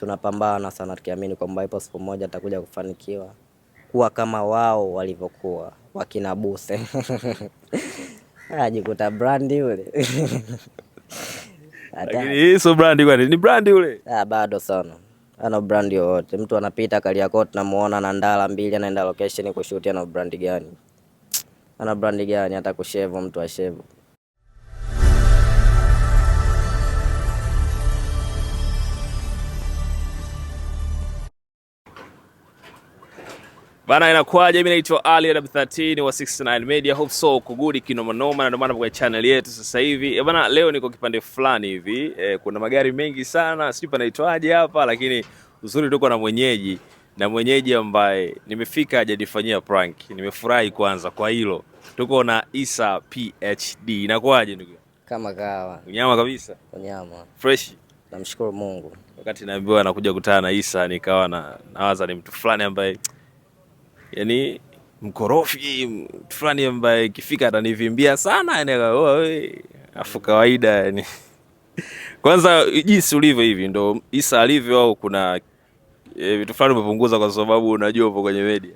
tunapambana sana tukiamini kwamba ipo siku moja atakuja kufanikiwa kuwa kama wao walivyokuwa wakina Buse ajikuta brandi yule lakini brandi, kwani ni brandi yule? Ah, bado sana ana brandi yoyote. Mtu anapita Kariakoo tunamuona na ndala mbili anaenda location kushuti, ana brandi gani? Ana brandi gani? hata kushevu mtu ashevu Bana, inakuwaje? Mimi naitwa Ali Adab 13 wa 69 Media. Hope so uko good kinoma noma, na ndio maana kwa channel yetu sasa hivi. E bana, leo niko kipande fulani hivi e, kuna magari mengi sana, sijui panaitwaje hapa, lakini uzuri tuko na mwenyeji na mwenyeji ambaye nimefika hajanifanyia prank. Nimefurahi kwanza kwa hilo. Tuko na Isa PhD. Inakuwaje ndugu? Kama kawa. Unyama kabisa. Unyama. Fresh. Namshukuru Mungu. Wakati naambiwa nakuja kutana na Isa nikawa na nawaza ni mtu fulani ambaye yani mkorofi fulani ambaye ikifika atanivimbia sana yani, afu kawaida yani. Kwanza jinsi ulivyo hivi ndo Isa alivyo, au kuna e, vitu fulani umepunguza kwa sababu unajua upo kwenye media?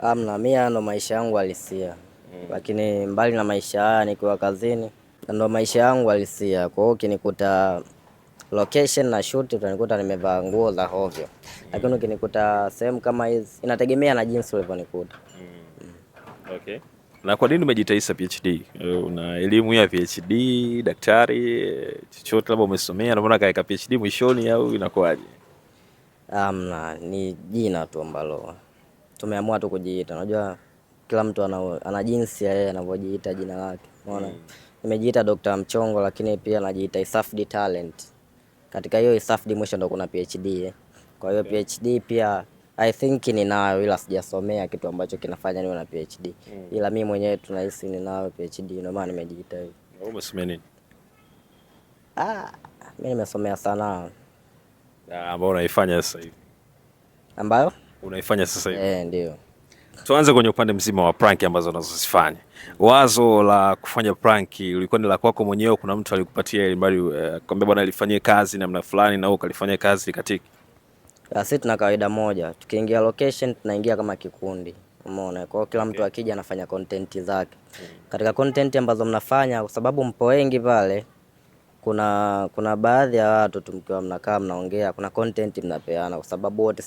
Amna, mimi ndo maisha yangu halisia mm. Lakini mbali na maisha haya, nikiwa kazini ndo maisha yangu halisia, kwa hiyo ukinikuta location na shoot utanikuta nimevaa nguo za hovyo mm. Lakini ukinikuta sehemu kama hizi inategemea na jinsi ulivyonikuta mm. Okay. Na kwa nini umejitaisa PhD? Eh, una elimu ya PhD, daktari, chochote labda umesomea, ndio maana kaweka PhD mwishoni au inakuwaje? Amna, um, ni jina tu ambalo tumeamua tu kujiita. Unajua kila mtu ana, ana jinsi ya yeye anavyojiita jina lake. Unaona? Mm. Nimejiita Dr. Mchongo lakini pia najiita Isafdi Talent katika hiyo ISAFD mwisho ndo kuna PhD. Kwa hiyo okay. PhD pia I think ninayo ila sijasomea kitu ambacho kinafanya niwe na PhD mm. Ila mimi mwenyewe tunahisi ninayo PhD ndio maana nimejiita Wewe Umesomea nini? Ah, mimi nimesomea sanaa ah, ambayo unaifanya sasa hivi, ambayo unaifanya sasa hivi eh, ndio. Tuanze kwenye upande mzima wa prank ambazo unazozifanya. Wazo la kufanya prank ulikuwa ni la kwako mwenyewe, kuna mtu alikupatia ili mradi eh, akwambia, bwana alifanyie kazi namna fulani, na wewe ukalifanyia kazi likatiki? Ah, sisi tuna kawaida moja, tukiingia location tunaingia kama kikundi, umeona. Kwa hiyo kila mtu akija anafanya content zake. Katika content ambazo mnafanya, kwa sababu mpo wengi pale, kuna kuna baadhi ya watu tumkiwa mnakaa mnaongea, kuna content mnapeana, kwa sababu wote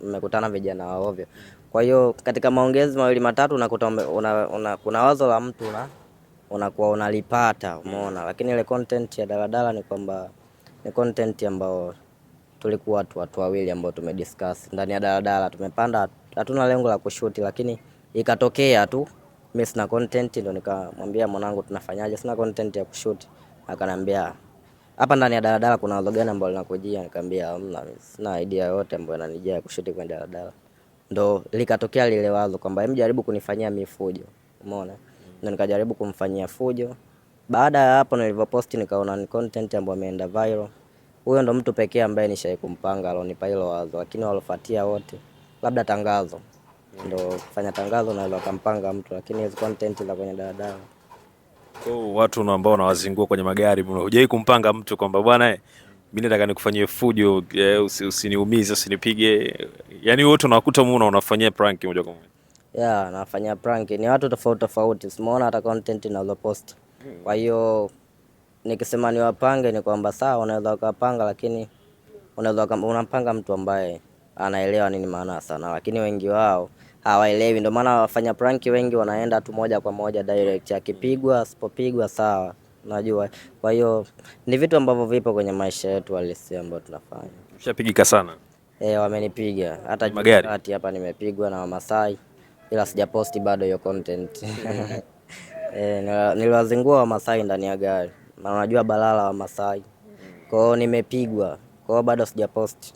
mmekutana vijana wa ovyo kwa hiyo katika maongezi mawili matatu unakuta una, una, kuna wazo la mtu na unakuwa unalipata umeona, lakini ile content ya daladala ni kwamba ni content ambayo tulikuwa watu watu wawili ambao tumediscuss ndani ya daladala, tumepanda, hatuna lengo la kushuti, lakini ikatokea tu mimi sina content, ndo nikamwambia mwanangu, tunafanyaje? Sina content ya kushuti. Akanambia hapa ndani ya daladala kuna wazo gani ambao linakujia? Nikamwambia hamna, sina idea yote ambayo inanijia ya kushuti kwenye daladala ndo likatokea lile wazo kwamba hem, jaribu kunifanyia mi fujo, umeona. Ndo nikajaribu kumfanyia fujo. Baada ya hapo, nilivyoposti nikaona ni content ambayo imeenda viral. Huyo ndo mtu pekee ambaye nishai kumpanga alonipa hilo wazo, lakini walofuatia wote labda tangazo mm. ndo kufanya tangazo naweza kampanga mtu, lakini hizo content za kwenye daladala kwa watu ambao unawazingua kwenye magari, hujai kumpanga mtu kwamba bwana eh, mi nataka nikufanyie fujo yeah, usiniumize usinipige. Yani wote unawakuta muna unafanyia prank moja kwa moja yeah, nafanyia prank. Ni watu tofauti tofauti, simaona hata content ninazopost. Hmm. Kwa hiyo nikisema niwapange ni kwamba sawa, unaweza ukapanga, lakini unaweza unampanga mtu ambaye anaelewa nini maana sana, lakini wengi wao hawaelewi. Ndio maana wafanya prank wengi wanaenda tu moja kwa moja direct, akipigwa asipopigwa sawa najua. Kwa hiyo ni vitu ambavyo vipo kwenye maisha yetu halisi ambayo tunafanya. Ushapigika sana eh? Wamenipiga hata magari hapa, nimepigwa na Wamasai ila sijaposti bado hiyo content eh, niliwazingua Wamasai ndani ya gari, na unajua balala Wamasai hiyo nimepigwa kwao, bado sijaposti.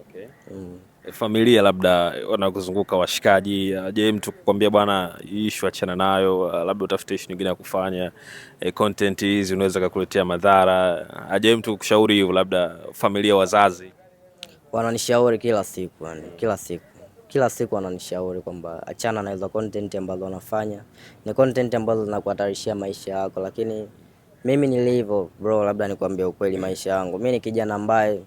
Okay. Mm familia labda wanakuzunguka washikaji, uh, je, mtu kukwambia bwana ishu achana nayo, uh, labda utafute ishu nyingine ya kufanya, e, content hizi unaweza kukuletea madhara? Uh, aje mtu kushauri hivyo, labda familia, wazazi? Wananishauri kila siku, yani kila siku kila siku wananishauri kwamba achana na hizo content ambazo wanafanya, ni content ambazo zinakuhatarishia maisha yako. Lakini mimi nilivyo bro, labda nikwambie ukweli, maisha yangu mimi ni kijana ambaye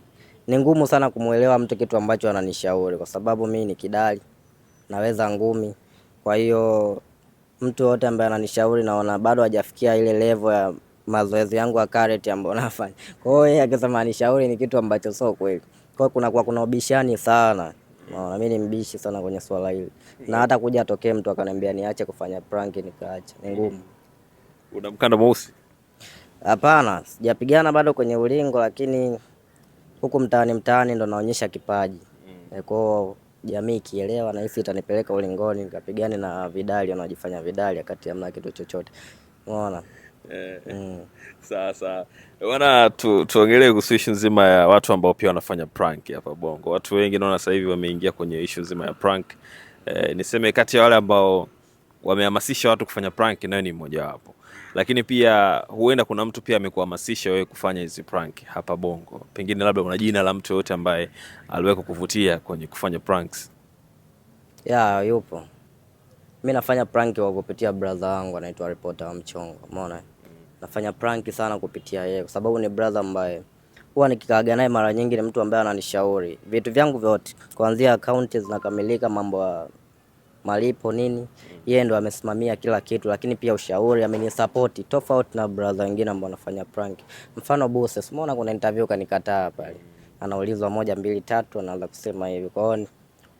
ni ngumu sana kumuelewa mtu kitu ambacho ananishauri, kwa sababu mimi ni kidali, naweza ngumi. Kwa hiyo mtu yote ambaye ananishauri, naona bado hajafikia ile level ya mazoezi yangu ya karate ambayo nafanya. Kwa hiyo yeye akisema anishauri ni kitu ambacho sio kweli. Kwa kuna kwa kuna ubishani sana. Naona mimi ni mbishi sana kwenye swala hili. Na hata kuja atokee mtu akaniambia niache kufanya prank nikaacha. Ni ngumu. Una mkanda mweusi? Hapana, sijapigana bado kwenye ulingo lakini huku mtaani mtaani ndo naonyesha kipaji mm. kwao jamii kielewa, na hisi itanipeleka ulingoni nikapigane na vidali wanaojifanya vidali, akati mna kitu chochote, unaona eh. mm. Sasa bwana, tuongelee kuhusu issue nzima ya watu ambao pia wanafanya prank hapa Bongo. Watu wengi naona sasa hivi wameingia kwenye issue nzima ya prank eh, niseme kati ya wale ambao wamehamasisha watu kufanya prank, nayo ni mojawapo, lakini pia huenda kuna mtu pia amekuhamasisha wewe kufanya hizi prank hapa Bongo. Pengine labda una jina la mtu yoyote ambaye aliweka kuvutia kwenye kufanya pranks? Yeah, yupo. Mi nafanya prank kwa kupitia brother wangu anaitwa Reporter wa Mchongo, umeona? Nafanya prank sana kupitia yeye kwa sababu ni brother ambaye huwa nikikaaga naye mara nyingi, ni mtu ambaye ananishauri vitu vyangu vyote, kuanzia akaunti zinakamilika, mambo ya malipo nini, yeye ndo amesimamia kila kitu, lakini pia ushauri amenisupport tofauti na brother wengine ambao wanafanya prank. Mfano Buse, umeona kuna interview kanikataa pale, anaulizwa moja mbili tatu, anaanza kusema hivi. Kwa hiyo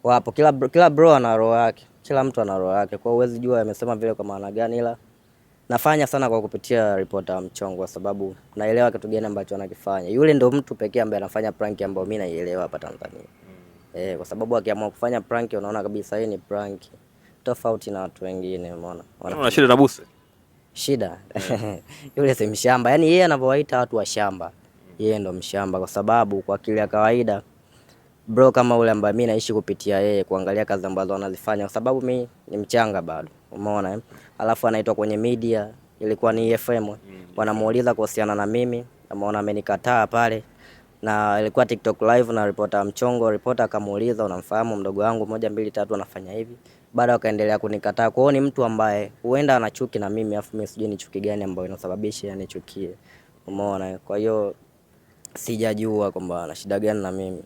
wapo, kila kila bro ana roho yake, kila mtu ana roho yake, kwa hiyo huwezi jua amesema vile kwa maana gani, ila nafanya sana kwa kupitia reporter Mchongo kwa sababu naelewa kitu gani ambacho anakifanya. Yule ndo mtu pekee ambaye anafanya prank ambayo mimi naielewa hapa Tanzania eh, kwa sababu akiamua kufanya prank unaona kabisa hii ni prank, tofauti na watu wengine. Umeona Unaona shida na Buse shida yeah. yule si mshamba, yaani yeye anavyowaita watu wa shamba, yeye ndo mshamba, kwa sababu kwa akili ya kawaida bro kama ule ambaye mimi naishi kupitia yeye, kuangalia kazi ambazo anazifanya, kwa sababu mimi ni mchanga bado, umeona eh? Alafu anaitwa kwenye media, ilikuwa ni e FM, wanamuuliza kuhusiana na mimi, ameona amenikataa pale na ilikuwa TikTok live na reporter Mchongo. Reporter akamuuliza unamfahamu mdogo wangu moja mbili tatu anafanya hivi, baada wakaendelea kunikataa. kwao ni mtu ambaye huenda ana chuki na mimi, afu mimi sijui ni chuki gani ambayo inasababisha yani chukie, umeona. Kwa hiyo sijajua kwamba ana shida gani na mimi.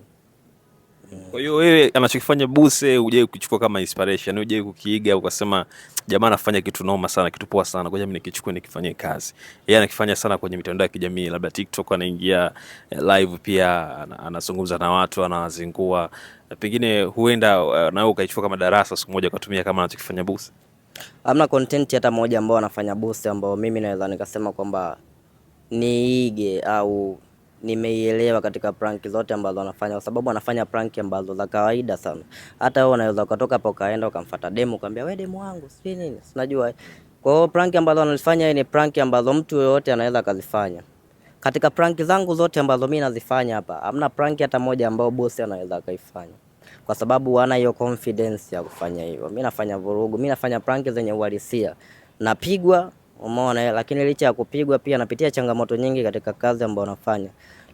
Kwa hiyo wewe anachokifanya Buse hujai kuchukua kama inspiration, hujai kukiiga ukasema jamaa anafanya kitu noma sana, kitu poa sana, ngoja mimi nikichukue nikifanyie kazi. Yeye anakifanya sana kwenye mitandao ya kijamii, labda TikTok anaingia eh, live pia anazungumza na watu, anawazingua. Pengine huenda eh, na wewe ukaichukua kama darasa siku moja ukatumia kama anachokifanya Buse. Hamna content hata moja ambao anafanya Buse ambao mimi naweza nikasema kwamba niige au nimeielewa katika prank zote ambazo wanafanya, kwa sababu wanafanya prank ambazo za kawaida sana. Hata wewe unaweza ukatoka hapo ukaenda ukamfuata demo ukamwambia, wewe demo wangu, si nini, sinajua. Kwa hiyo prank ambazo anazifanya ni prank ambazo mtu yoyote anaweza akazifanya. Katika prank zangu zote ambazo mimi nazifanya hapa, hamna prank hata moja ambayo bosi anaweza akaifanya, kwa sababu wana hiyo confidence ya kufanya hivyo. Mimi nafanya vurugu, mimi nafanya prank zenye uhalisia, napigwa umeona. Lakini licha ya kupigwa, pia anapitia changamoto nyingi katika kazi ambayo anafanya,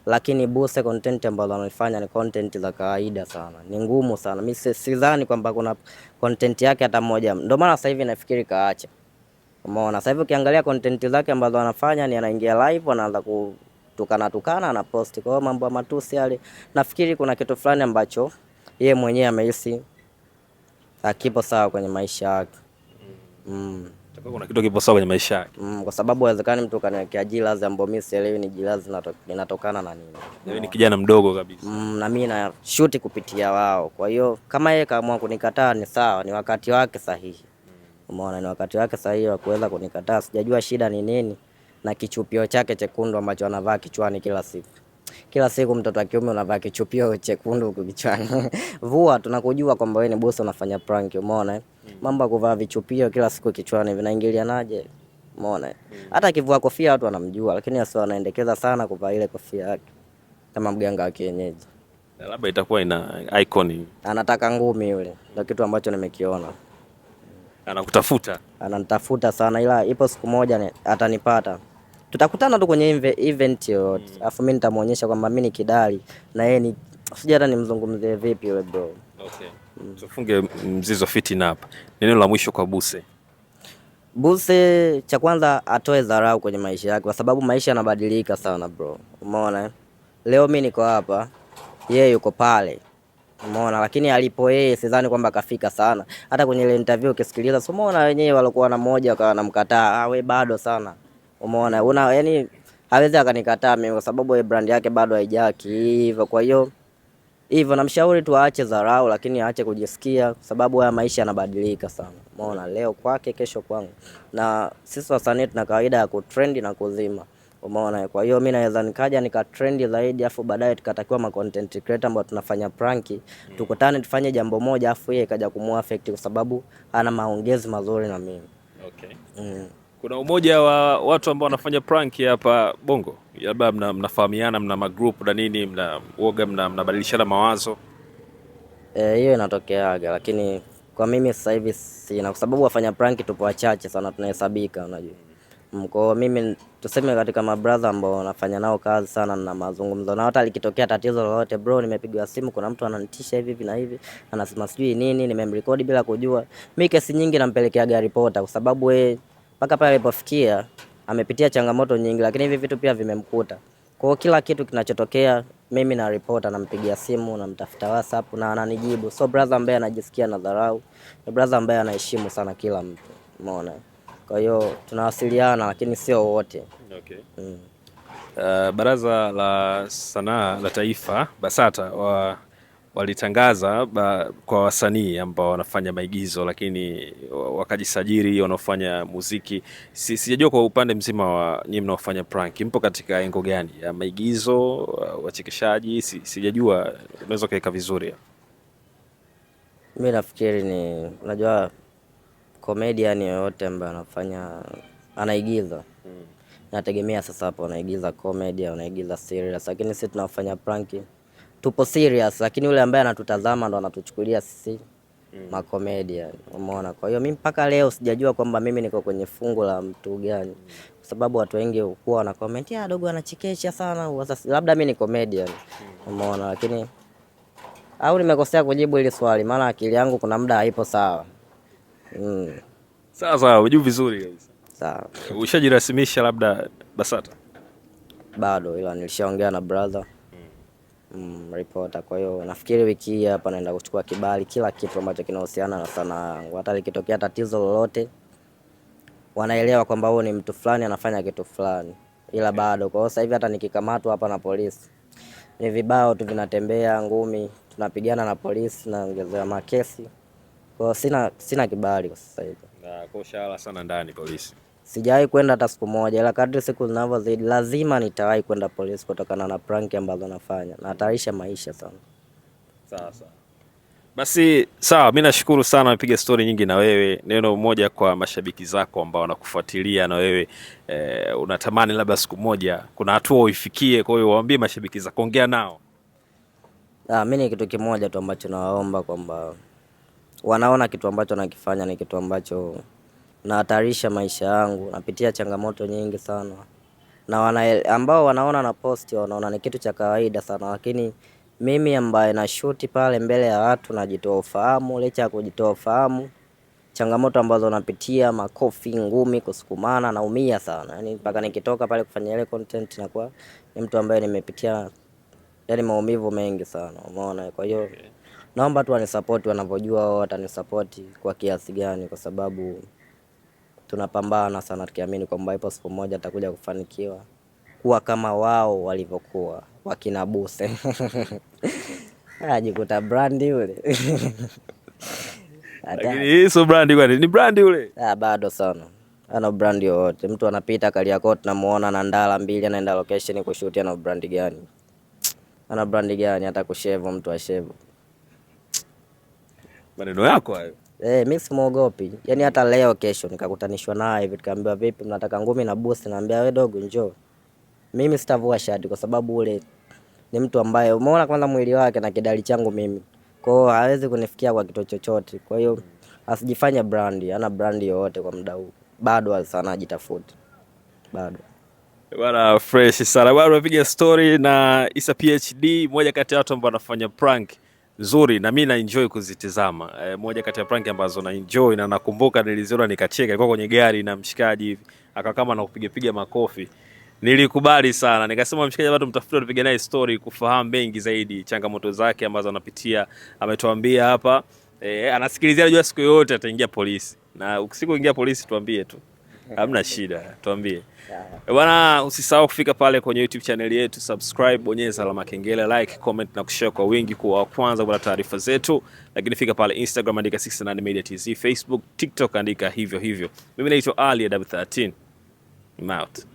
lakini Buse content ambayo anaifanya ni content za kawaida sana, ni ngumu sana. Mimi sidhani kwamba kuna content yake hata moja, ndio maana sasa hivi nafikiri kaacha. Umeona, sasa hivi ukiangalia content zake ambazo anafanya ni anaingia live, anaanza kutukana tukana, na post kwa mambo ya matusi yale. Nafikiri kuna kitu fulani ambacho ye mwenyewe amehisi akipo sawa kwenye maisha yake mm kuna kitu kipo sawa kwenye maisha yake mm, kwa sababu inawezekana mtu kaniwekea jirazi ambapo mimi sielewi ni jirazi linatokana na nini. Wewe ni kijana mdogo kabisa mm, na mimi na shuti kupitia wao. Kwa hiyo kama yeye kaamua kunikataa ni sawa, ni wakati wake sahihi. Umeona, ni wakati wake sahihi wa kuweza kunikataa. Sijajua shida ni nini na kichupio chake chekundu ambacho anavaa kichwani kila siku. Kila siku mtoto wa kiume unavaa kichupio chekundu kichwani. Vua, tunakujua kwamba wewe ni bosi, unafanya prank, umeona? Mm. Mambo ya kuvaa vichupio kila siku kichwani vinaingilianaje? Umeona? Mm. Hata akivua kofia watu wanamjua, lakini asio anaendekeza sana kuvaa ile kofia yake kama mganga wa kienyeji. Labda itakuwa ina icon. Anataka ngumi yule. Ndio kitu ambacho nimekiona. Anakutafuta. Ananitafuta sana ila ipo siku moja atanipata tutakutana tu kwenye event yoyote, mm. Afu mimi nitamuonyesha kwamba mimi ni kidali na yeye ni sija, hata nimzungumzie vipi wewe bro. Okay. Mm. Tufunge mzizo fitina hapa. Neno la mwisho kwa Buse. Buse, cha kwanza atoe dharau kwenye maisha yake, kwa sababu maisha yanabadilika sana bro, umeona. Eh? Leo mimi niko hapa, yeye yuko pale, umeona. Lakini alipo yeye sidhani kwamba kafika sana. Hata kwenye ile interview ukisikiliza, so umeona wenyewe walikuwa na moja wakawa namkataa, ah, we bado sana Umeona? Una yani hawezi akanikataa mimi kwa sababu brand yake bado haijaa hivyo. Kwa hiyo hivyo namshauri tu aache dharau, lakini aache kujisikia, kwa sababu haya maisha yanabadilika sana. Umeona, leo kwake, kesho kwangu, na sisi wasanii tuna kawaida ya kutrend na kuzima. Umeona? Kwa hiyo mimi naweza nikaja nikatrendi zaidi, afu baadaye tukatakiwa ma content creator ambao tunafanya prank tukutane tufanye jambo moja, afu yeye kaja kumua affect kwa sababu ana maongezi mazuri na mimi. Okay. Mm kuna umoja wa watu ambao wanafanya prank hapa Bongo, labda mna, mnafahamiana mna magroup na nini, mna uoga mna, mnabadilishana mawazo eh, hiyo e, inatokeaga, lakini kwa mimi sasa hivi sina, kwa sababu wafanya prank tupo wachache sana, tunahesabika, unajua mko mimi tuseme katika mabradha ambao nafanya nao kazi sana na mazungumzo na hata likitokea tatizo lolote, bro, nimepigwa simu, kuna mtu ananitisha hivi hivi na hivi, anasema sijui nini, nimemrekodi bila kujua. Mimi kesi nyingi nampelekea ripota kwa sababu we mpaka pale alipofikia amepitia changamoto nyingi, lakini hivi vitu pia vimemkuta. Kwa hiyo kila kitu kinachotokea mimi na reporter nampigia simu, namtafuta WhatsApp na ananijibu. So brother ambaye anajisikia na dharau ni brother ambaye anaheshimu sana kila mtu, umeona. Kwa hiyo tunawasiliana, lakini sio wote okay. mm. Uh, Baraza la Sanaa la Taifa BASATA wa walitangaza ba, kwa wasanii ambao wanafanya maigizo lakini wakajisajili wanaofanya muziki. Sijajua kwa upande mzima wa nyinyi mnaofanya prank mpo katika engo gani ya maigizo, wachekeshaji? Sijajua, unaweza ukaweka vizuri. Mi nafikiri ni unajua, comedian yoyote ambaye anafanya anaigiza hmm. Nategemea sasa, hapo anaigiza comedy, anaigiza serious, lakini sisi tunafanya pranki tupo serious, lakini yule ambaye anatutazama ndo anatuchukulia sisi mm. makomedia. Umeona, kwa hiyo mimi mpaka leo sijajua kwamba mimi niko kwenye fungu la mtu gani mm. kwa sababu watu wengi hukuwa wana comment ya dogo anachekesha sana, labda mimi ni comedian mm. umeona, lakini au nimekosea kujibu ile swali, maana akili yangu kuna muda haipo sawa mm. Sawa sawa, ujibu vizuri kabisa. Sawa. Ushajirasimisha labda BASATA? Bado, ila nilishaongea na brother mm, reporter. Kwa hiyo nafikiri wiki hii hapa naenda kuchukua kibali, kila kitu ambacho kinahusiana na sanaa yangu. Hata likitokea tatizo lolote, wanaelewa kwamba huyu ni mtu fulani anafanya kitu fulani, ila bado. Kwa hiyo sasa hivi hata nikikamatwa hapa na polisi, ni vibao tu vinatembea, ngumi, tunapigana na polisi na ongezea makesi. Kwa hiyo sina, sina kibali kwa sasa hivi na kwa ushahara sana ndani polisi Sijawahi kwenda hata siku moja, ila kadri siku zinavyozidi lazima nitawahi kwenda polisi kutokana na prank ambazo nafanya, nahatarisha maisha sana. Sawa sawa, basi sawa. Mi nashukuru sana, nimepiga stori nyingi na wewe. Neno moja kwa mashabiki zako ambao wanakufuatilia na wewe e, unatamani labda siku moja kuna hatua uifikie, kwa hiyo waambie mashabiki zako, ongea nao. Ah, Mi ni kitu kimoja tu ambacho nawaomba kwamba wanaona kitu ambacho nakifanya ni kitu ambacho nahatarisha maisha yangu, napitia changamoto nyingi sana na wana, ambao wanaona na post wanaona ni kitu cha kawaida sana, lakini mimi ambaye na nashuti pale mbele ya watu najitoa ufahamu. Licha ya kujitoa ufahamu, changamoto ambazo napitia, makofi, ngumi, kusukumana, naumia sana yani, mpaka nikitoka pale kufanya ile content na kwa ni mtu ambaye nimepitia yani maumivu mengi sana, umeona. Kwa hiyo naomba tu wanisapoti, wanavyojua wao watanisapoti kwa kiasi gani, kwa sababu tunapambana sana tukiamini kwamba ipo siku moja atakuja kufanikiwa kuwa kama wao walivyokuwa wakina Buse ajikuta brandi yule brandi, kwani ni brandi yule? Ah, bado sana ana brandi yoyote. Mtu anapita Kariakoo tunamuona na ndala mbili anaenda location kushuti, ana brandi gani? Ana brandi gani? Hata kushevu mtu ashevu. Maneno yako hayo. Eh, mimi simuogopi. Yaani hata leo kesho nikakutanishwa naye hivi nikamwambia vipi mnataka ngumi na boss, naambia wewe dogo njoo. Mimi sitavua shati kwa sababu ule ni mtu ambaye umeona kwanza mwili wake na kidali changu mimi. Kwa hiyo hawezi kunifikia kwa kitu chochote. Kwa hiyo asijifanye brand, ana brand yoyote kwa muda huu. Bado sana ajitafuta. Bado. Bwana fresh sana. Bwana unapiga story na Isa PhD, moja kati ya watu ambao wanafanya prank nzuri na mimi na enjoy kuzitizama. E, moja kati ya prank ambazo na enjoy na nakumbuka niliziona nikacheka, ilikuwa kwenye gari na mshikaji hivi akakama na kupiga piga makofi. Nilikubali sana nikasema, mshikaji bado mtafuta tupige naye story kufahamu mengi zaidi, changamoto zake ambazo anapitia. Ametuambia hapa e, anasikilizia, najua siku yoyote ataingia polisi, na siku ingia polisi tuambie tu. hamna shida, tuambie eh, bwana. Usisahau kufika pale kwenye YouTube channel yetu, subscribe, bonyeza alama kengele, like, comment na kushare kwa wingi, kuwa wa kwanza kupata taarifa zetu. Lakini fika pale Instagram, andika 69 Media TZ, Facebook, TikTok andika hivyo hivyo. Mimi naitwa Ali Adabu 13 Mouth.